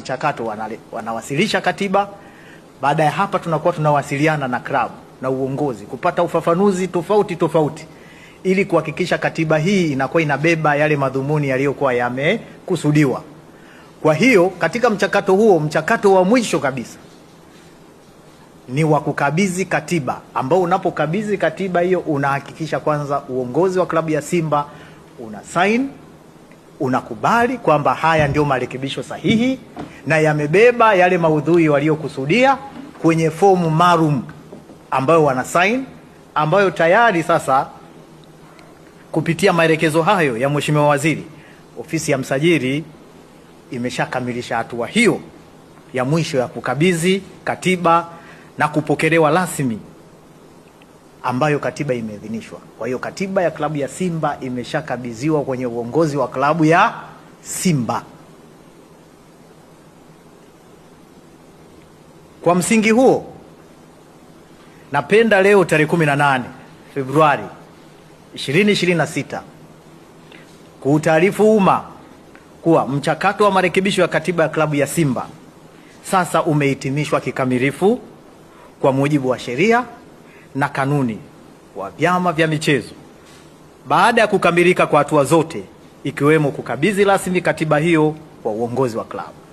mchakato wanale, wanawasilisha katiba. Baada ya hapa, tunakuwa tunawasiliana na klabu na uongozi kupata ufafanuzi tofauti tofauti ili kuhakikisha katiba hii inakuwa inabeba yale madhumuni yaliyokuwa yamekusudiwa. Kwa hiyo katika mchakato huo, mchakato wa mwisho kabisa ni wa kukabidhi katiba, ambao unapokabidhi katiba hiyo unahakikisha kwanza uongozi wa klabu ya Simba una sign unakubali kwamba haya ndio marekebisho sahihi na yamebeba yale maudhui waliokusudia kwenye fomu maalum ambayo wana sign, ambayo tayari sasa kupitia maelekezo hayo ya Mheshimiwa Waziri, ofisi ya msajili imeshakamilisha hatua hiyo ya mwisho ya kukabidhi katiba na kupokelewa rasmi ambayo katiba imeidhinishwa. Kwa hiyo katiba ya klabu ya Simba imeshakabidhiwa kwenye uongozi wa klabu ya Simba. Kwa msingi huo, napenda leo tarehe 18 Februari 2026 kuutaarifu umma kuwa mchakato wa marekebisho ya katiba ya klabu ya Simba sasa umehitimishwa kikamilifu kwa mujibu wa sheria na kanuni wa vyama vya michezo baada ya kukamilika kwa hatua zote ikiwemo kukabidhi rasmi katiba hiyo kwa uongozi wa klabu.